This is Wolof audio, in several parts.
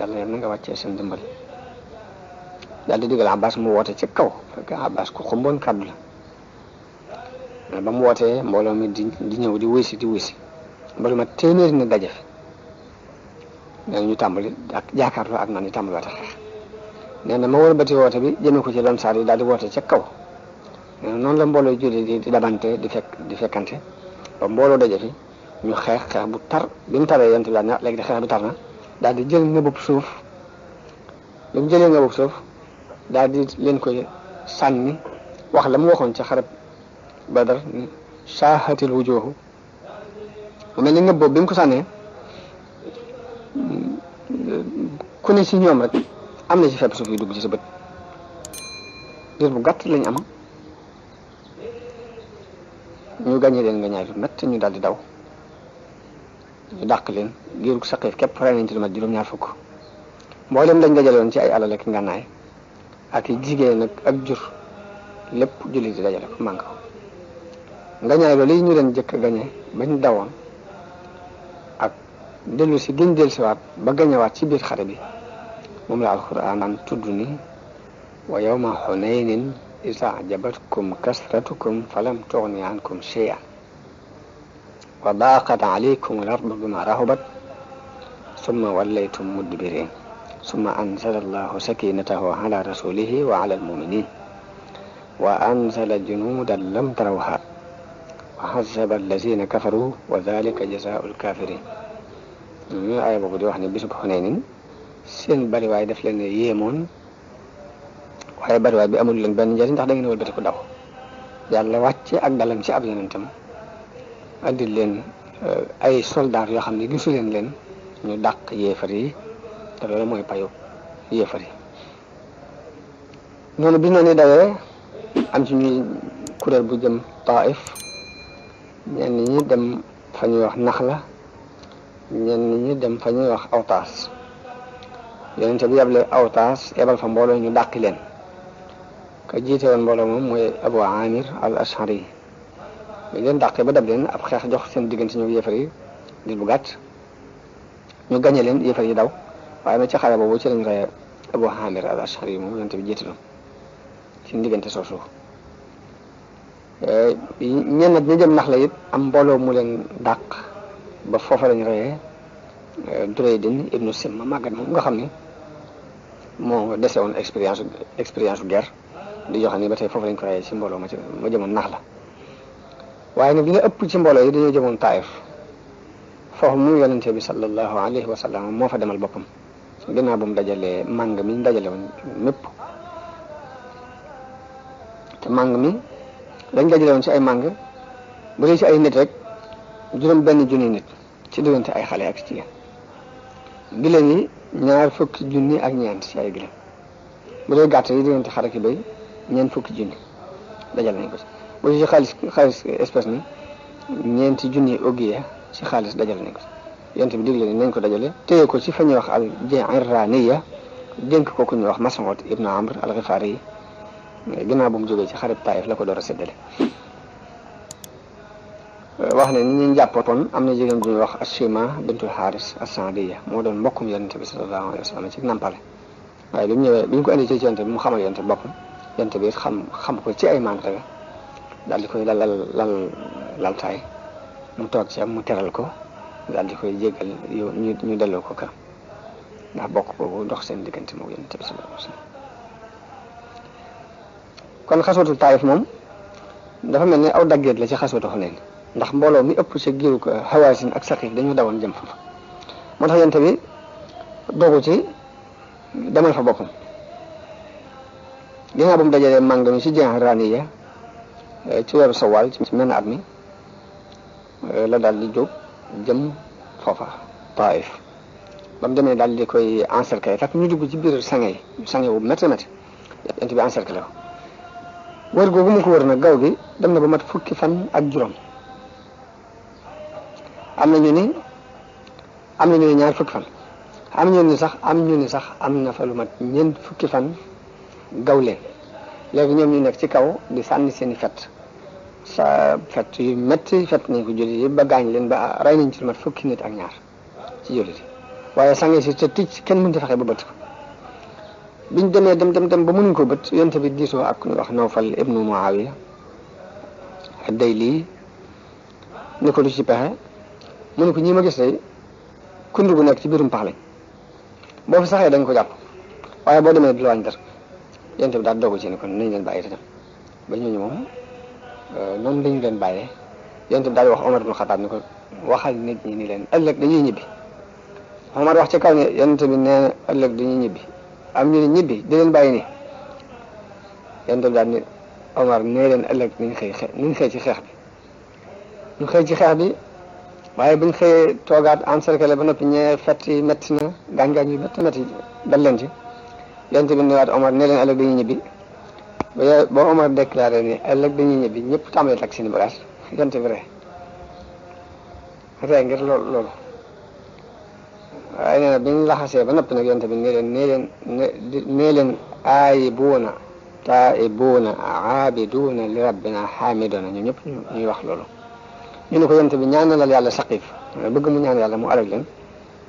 yàlla yàlla nga wàccee seen dimbal daal di digal Abbas mu woote ci kaw fekk Abbas ku xumboon kaddu la mais ba mu wootee mbooloo mi di di ñëw di wuy si di wuy si mbooloo ma téeméeri na daje fi nee ñu tàmbali ak jaakaarloo ak man ñu tàmbaliwaat a xeex nee na ma wëlbati woote bi jëme ko ci lamsaar yi daal di woote ca kaw nee noonu la mbooloo julli di di dabante di fekk di fekkante ba mbooloo daje fi ñu xeex xeex bu tar bi mu taree yéen tamit daal léegi de xeex bi tar na. daal di jël ngëbub suuf lu mu jëlee ngëbub suuf daal di leen koy sànni wax la mu waxoon ci xarab badar saahatil wujuhu mu mel ni ngëb boobu bi mu ko sànnee ku ne si ñoom rek am na ci fepp suuf yu dugg ci sa bët diir bu gàtt lañ am ñu gàññee leen nga ñaay lu ñu daal di daw ñu dàq leen giirug saqiif képp rey nañ ci lu mat juróom-ñaar fukk mboolem lañ dajaloon ci ay alal ak ngànnaay ak i jigéen ak ak jur lépp jullit di dajale ko mànk ngañaay loolu yi ñu leen jëkk gañe bañ dawoon ak dellu si gën dellu siwaat ba ci biir xare bi moom la alxuraan naan tudd ni wa yawma xunaynin isa ajabatkum kasratukum falam tuxni ankum cheyan وضاقت عليكم الأرض بما رهبت ثم وليتم مدبرين ثم أنزل الله سكينته على رسوله وعلى المؤمنين وأنزل جنودا لم تروها وعذب الذين كفروا وذلك جزاء الكافرين أي بغدو حني بسك حنين سين بري واي دف ييمون واي بري واي بي امول لين بن جارين داو يالا واتي اك دالام سي اب andi len eh, ay soldat yo xamni gisu len len ñu dak yéefar yi te loolu mooy payu yéefar yi noonu bi noonu am ci ñu kurel bu jëm taif ñen ñi dem fa ñuy wax nakhla ñen ñi dem fa ñuy wax awtaas yonente bi yable awtaas yebal fa mbolo ñu dak len ka jite won mbolo mom moy abu amir al ashari dañ leen dàqee ba dab leen ab xeex jox seen diggante ñu yéefar yi di bu gàtt ñu gañe leen yéefar yi daw waaye nag ci xare boobu ci lañ reye Abu Hamir al Ashari moom yonent bi diggante soosu eh, ñenn ñi jëm nax la it am mbooloo mu leen dàq ba foofa lañ reye eh, Duraydin ibnu Simma màggat moom nga xam ni moo dese woon expérience expérience guerre di joxe ni ba tey foofu lañ ko reye ci mbooloo ma ci ma jëmoon nax la waaye nag li nga ëpp ci mbooloo yi dañoo jëmoon taif foofu mu yonente bi sallallahu alayhi wa sallam moo fa demal boppam ginnaaw bu mu dajalee màng mi ñu dajale woon mépp te màng mi lañ dajale woon ci ay màng bu dee ci ay nit rek juróom benn junni nit ci diggante ay xale ak ci jigéen giléem yi ñaar fukki junni ak ñeent ci ay giléem bu dee gàtt yi diggante xar ak béy ñeent fukki junni dajal nañ ko ci bu ci xaalis xaalis espèce ni ñeenti junni ogiya ci xaalis dajal nañ ko bi digle ni nañ ko dajale téye ko ci fa ñuy wax al Jiraniya dénk ko ku ñuy wax Mas'ud ibn Amr al-Ghifari yi ginnaaw bu mu jógee ci xarit Taif la ko door a séddale wax ne ni ñu jàppoon am na jigéen bu wax wax Asima bintul Xaaris as-Saadiya moo doon mbokkum yonent bi sallallahu alayhi wa sallam ci nampale waaye bi mu ñëwee bi ñu ko indi ci bi mu xamal yonent bi boppam yonent bi xam xam ko ci ay mandarga daal di koy lalal lal laltaay mu toog ci mu teral ko dal di koy jéggal yow ñu ñu ko ka ndax bokk boobu dox seen diggante moom yonent bi sallallahu alayhi wasallam dafa mel ni aw daggeet la ci xaswatu Xunayn ndax mbooloo mi ëpp ci giru ko Hawaasin ak Saqiif dañu dawoon jëm fa moo tax yonent bi doogu ci demal fa boppam ginnaaw ba mu dajalee màng mi ci Jiraaniya ci weeru sawaal ci menn at mi eh, la daal di jóg jëm foofa Taif ba mu demee daal di koy encercler fekk ñu dugg ci biir sange yi sange wu métti métti yent bi encercler ko wër googu mu ko wër na gaw bi dem na ba mat fukki fan ak juróom am na ñu ni am na ñu ni ñaar fukki fan am ñu ni sax am ñu ni sax am na fa lu mat ñeent fukki fan gaw leen léegi ñoom ñu nekk ci kaw di sànni seen i fet sa fet yu métti fet nañ ko jullit yi ba gaañ leen ba rey nañ ci lu mat fukki ak ñaar ci jullit yi waaye sange si te ticc kenn mënut a fexe ba bëtt ko biñ demee dem dem dem ba mënuñ ko bët yonte bi diisoo ak ku ñu wax Nawfal ibnu Muawiya day lii ni ko du ci pexe mu ne ko ñi ma gis day kundu bu nekk ci biirum pax lañ boo fi saxee dañ ko jàpp waaye boo demee du la wàññi yéen tamit daal dogu ci ne kon nañ leen bàyyi te dem ba ñooñu moom noonu lañ leen bàyyee yéen tamit daal wax Omar ibn Khattab ni ko waxal nit ñi ni leen ëllëg dañuy ñibbi Omar wax ci kaw tamit ëllëg dañuy ñibbi am ñu ne ñibbi di leen bàyyi nii yéen tamit daal ni Omar nee leen ëllëg nañ xëy nañ xëy ci xeex bi ñu xëy ci xeex bi waaye buñ xëyee toogaat encerclé ba noppi ñee fett yi métti na gaañ-gaañ yu métti métti leen ci yonte bi newaat omar ne leen ëllëg dañuy ñibbi ba ya, ba omar déclaré ni ëllëg dañuy ñibbi ñëpp tàmbali tak seen bagage yonte bi ree ree ngir loolu loolu waaye nee na bi ñu laxasee ba nopp nag yonte bi ne leen nee leen nee leen aayibuuna taa'ibuuna aabiduuna li rabbina xaamiduuna ñu ñëpp ñuy wax loolu ñu ne ko yonte bi ñaanalal yàlla saqif bëgg mu ñaan yàlla mu alag leen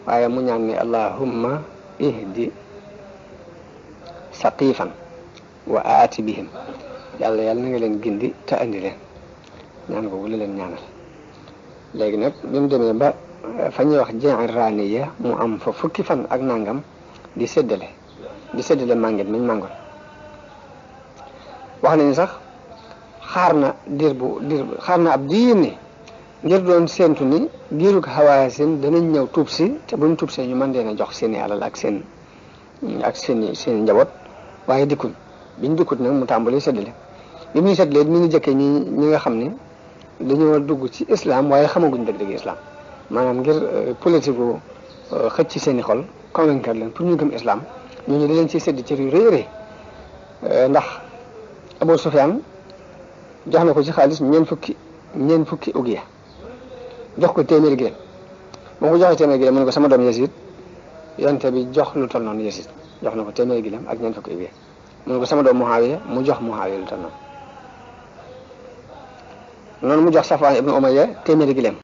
waaye mu ñaan ni allahumma ihdi saqifan wa aati bihim yàlla yàlla na nga leen gindi te andi leen ñaan ko wula leen ñaanal léegi nag bi mu demee ba fa ñuy wax Ji'raaniya mu am fa fukki fan ak nangam di séddale di séddale mànget mañ màngoon wax nañu sax xaar na diir bu diir na ab diir ni ngir doon séentu ni giirug Hawaasin danañ ñëw tuub si te buñ tuub see ñu mën leen jox seeni alal ak seen ak seeni seen waaye dikkuñ biñ dikkut nag mu tàmbalee séddale bi muy séddale mi ngi jëkkee ñi ñi nga xam ni dañoo dugg ci islam waaye xamaguñ dëgg-dëgg islam maanaam ngir euh, politique bu euh, xëcc ci seen xol convaincre leen pour ñu gëm islam ñooñu da leen ciy sédd cër yu rëy rëy euh, ndax Abu Sufyaan jox na ko ci xaalis ñeent fukki ñeent fukki ugiya jox ko téeméeri gëléem moo ko joxee téeméeri gëléem mu ne ko sama doom Yasid yonte bi jox lu toll noonu Yasid jox na ko téeméeri gileem ak ñeent fukk ibi mu ne ko sama doom Muhaawiya mu jox Muhaawiya lu toll noonu noonu mu jox Safwaan ibnu Umayya téeméeri gileem